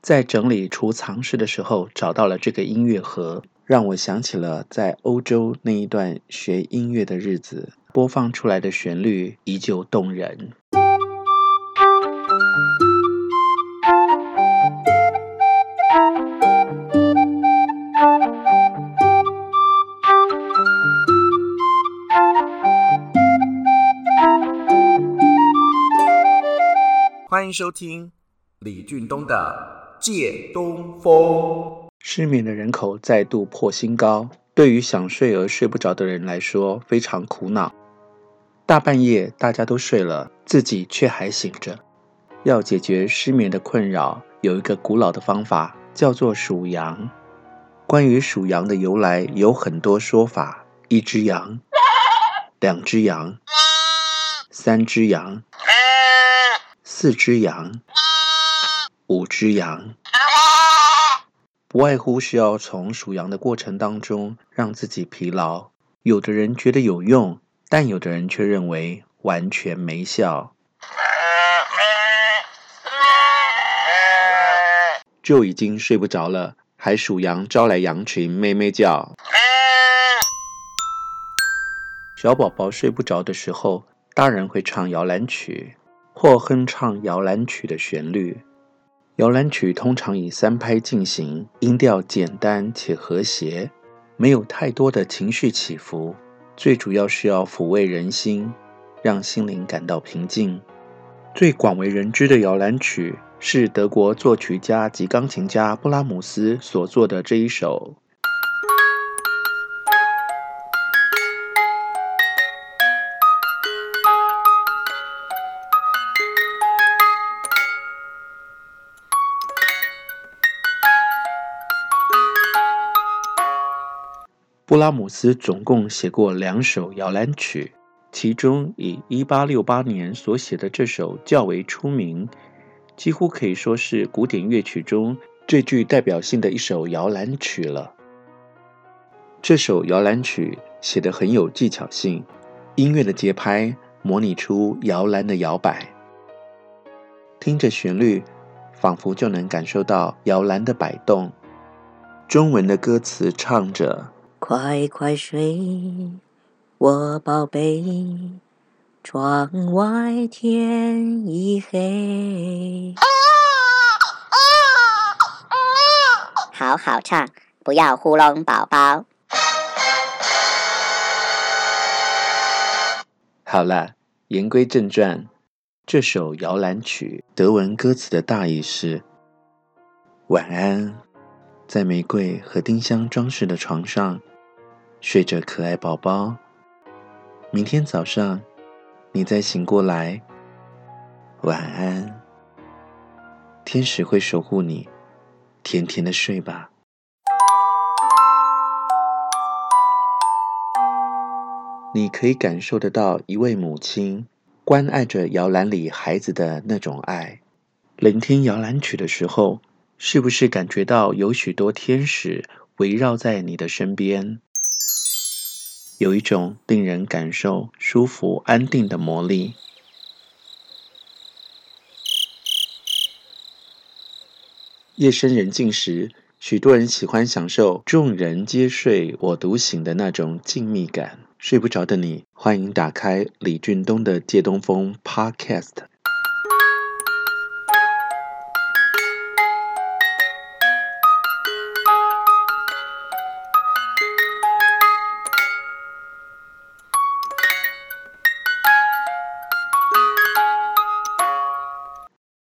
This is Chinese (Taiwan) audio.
在整理儲藏室的時候，找到了這個音樂盒，讓我想起了在歐洲那一段學音樂的日子，播放出來的旋律依舊動人。歡迎收聽李俊東的《借東風》。失眠的人口再度破新高，對於想睡而睡不着的人來說非常苦惱。大半夜大家都睡了，自己卻還醒着。要解決失眠的困擾，有一個古老的方法叫做數羊。關於數羊的由來有很多說法：一隻羊，兩隻羊，三隻羊。四只羊，五只羊，不外乎是要從數羊的過程當中讓自己疲勞。有的人覺得有用，但有的人卻認為完全沒效，就已經睡不着了，還數羊招來羊群咩咩叫。小寶寶睡不着的時候，大人會唱搖籃曲。或哼唱搖籃曲的旋律。搖籃曲通常以三拍進行，音調簡單且和諧，沒有太多的情緒起伏。最主要是要撫慰人心，讓心靈感到平靜。最廣為人知的搖籃曲是德國作曲家及鋼琴家布拉姆斯所作的這一首。布拉姆斯總共寫過兩首搖籃曲，其中以1868年所寫的這首較為出名，幾乎可以說是古典樂曲中最具代表性的一首搖籃曲了。這首搖籃曲寫得很有技巧性，音樂的節拍模擬出搖籃的搖擺。聽着旋律，仿佛就能感受到搖籃的擺動。中文的歌詞唱着。快快睡，我寶貝，窗外天已黑。好好唱，不要糊弄寶寶。好了，言歸正傳，這首搖籃曲德文歌詞的大意是：晚安，在玫瑰和丁香裝飾的床上。睡着可愛寶寶，明天早上你再醒過來。晚安，天使會守護你，甜甜的睡吧。你可以感受得到一位母親關愛着搖籃裡孩子的那種愛。聆聽搖籃曲的時候，是不是感覺到有許多天使圍繞在你的身邊？有一種令人感受舒服、安定的魔力。夜深人靜時，許多人喜歡享受“眾人皆睡，我獨醒”的那種靜謐感。睡不着的你，歡迎打開李俊東的《借東風》Podcast。